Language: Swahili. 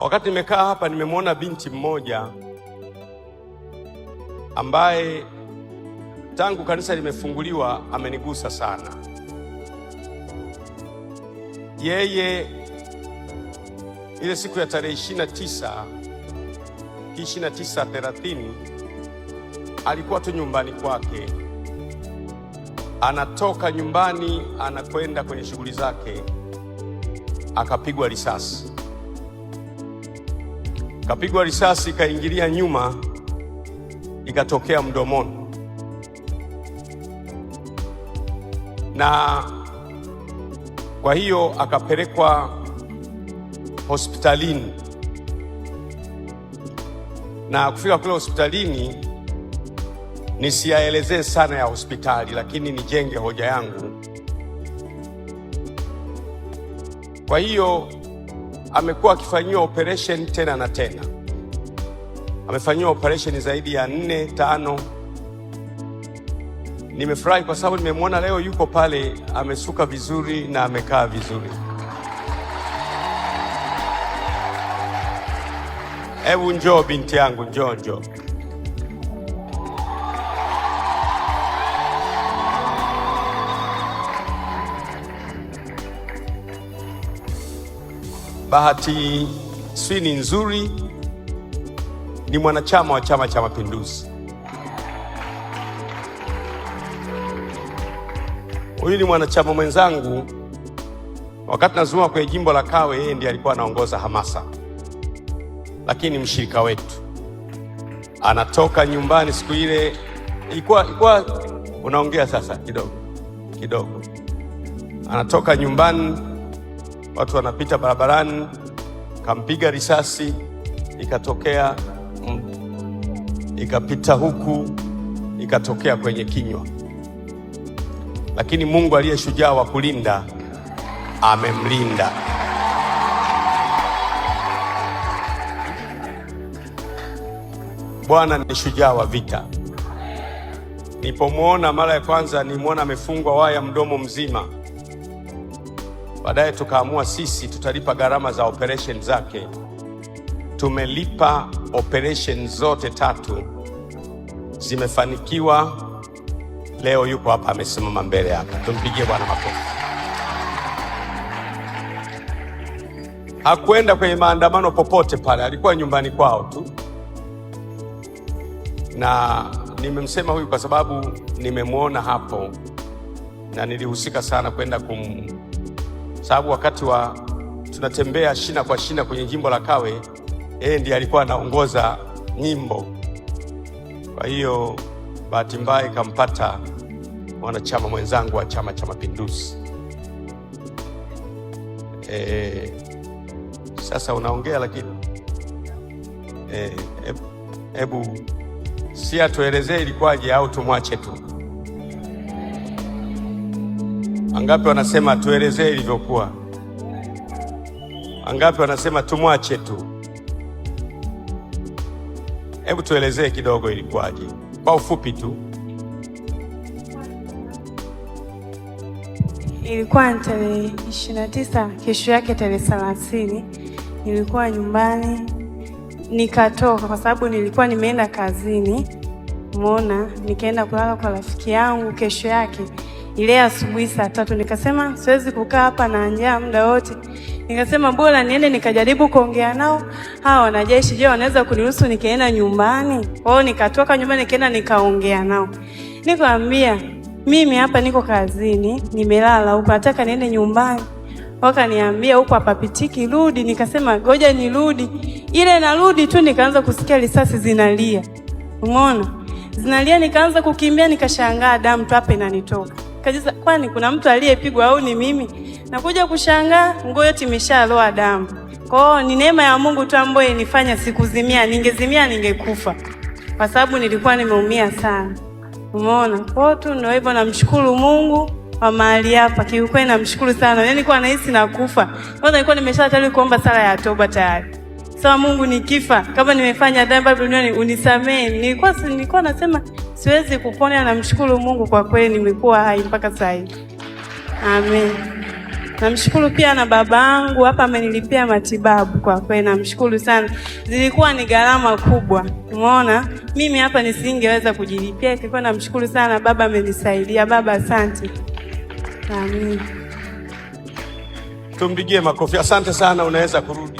Wakati nimekaa hapa nimemwona binti mmoja ambaye tangu kanisa limefunguliwa amenigusa sana. Yeye ile siku ya tarehe 29 29:30 alikuwa tu nyumbani kwake, anatoka nyumbani anakwenda kwenye shughuli zake, akapigwa risasi kapigwa risasi ikaingilia nyuma ikatokea mdomoni, na kwa hiyo akapelekwa hospitalini, na kufika kule hospitalini nisiyaelezee sana ya hospitali, lakini nijenge hoja yangu. Kwa hiyo amekuwa akifanyiwa operation tena na tena, amefanyiwa operation zaidi ya nne tano. Nimefurahi kwa sababu nimemwona leo yuko pale, amesuka vizuri na amekaa vizuri. Hebu njoo binti yangu, njoo njoo. bahati si ni nzuri, ni mwanachama wa Chama cha Mapinduzi. Huyu ni mwanachama mwenzangu, wakati nazungumza kwenye jimbo la Kawe, yeye ndiye alikuwa anaongoza hamasa, lakini mshirika wetu anatoka nyumbani siku ile, ilikuwa ilikuwa unaongea sasa kidogo kidogo, anatoka nyumbani watu wanapita barabarani, kampiga risasi, ikatokea ikapita huku, ikatokea kwenye kinywa. Lakini Mungu aliye shujaa wa kulinda amemlinda. Bwana ni shujaa wa vita. nipomwona mara ya kwanza, nimwona amefungwa waya mdomo mzima Baadaye tukaamua sisi tutalipa gharama za operation zake. Tumelipa operation zote tatu, zimefanikiwa. Leo yuko hapa amesimama mbele hapa, tumpigie Bwana makofi. Hakwenda kwenye maandamano popote pale, alikuwa nyumbani kwao tu, na nimemsema huyu kwa sababu nimemwona hapo na nilihusika sana kwenda kum sababu wakati wa tunatembea shina kwa shina kwenye jimbo la Kawe, yeye ndiye alikuwa anaongoza nyimbo. Kwa hiyo bahati mbaya ikampata mwanachama mwenzangu wa Chama cha Mapinduzi. E, sasa unaongea lakini eh, hebu e, si atuelezee ilikuwaje au tumwache tu? Wangapi wanasema tuelezee ilivyokuwa? Wangapi wanasema tumwache tu? Hebu tuelezee kidogo ilikuwaje kwa ufupi tu. Ilikuwa ni tarehe 29, kesho yake tarehe 30 nilikuwa nyumbani, nikatoka kwa sababu nilikuwa nimeenda kazini, mona nikaenda kulala kwa rafiki yangu. Kesho yake ile asubuhi saa tatu, nikasema siwezi kukaa hapa na njaa muda wote, nikasema bora niende nikajaribu kuongea nao hawa wanajeshi. Je, wanaweza kuniruhusu nikaenda nyumbani kwao? Nikatoka nyumbani nikaenda nikaongea nao, nikawambia mimi hapa niko kazini, nimelala huko, nataka niende nyumbani. Wakaniambia huko apapitiki rudi. Nikasema ngoja nirudi. Ile narudi tu nikaanza kusikia risasi zinalia, umona zinalia, nikaanza kukimbia, nikashangaa damu tu hapa inanitoka. Kajiza, kwani kuna mtu aliyepigwa au ni mimi? Nakuja kushangaa nguo yote imeshaloa damu. Kwao ni neema ya Mungu tu ambayo inifanya sikuzimia. Ningezimia ningekufa, kwa sababu nilikuwa nimeumia sana. Umeona? Kwao tu ndio hivyo, namshukuru Mungu kwa mahali hapa, kiukweli namshukuru sana. Yaani nilikuwa nahisi nakufa, kwanza nilikuwa tayari kuomba sala ya toba tayari. Sawa, Mungu nikifa, kama nimefanya dhambi duniani unisamehe. Nilikuwa nilikuwa nasema siwezi kupona. Namshukuru Mungu kwa kweli, nimekuwa hai mpaka sasa hivi. Amen. Namshukuru pia na baba yangu hapa amenilipia matibabu, kwa kweli namshukuru sana. Zilikuwa ni gharama kubwa, umeona mimi hapa nisingeweza kujilipia. Kwa namshukuru sana baba, amenisaidia baba, asante. Amen. Tumpigie makofi. Asante sana, unaweza kurudi.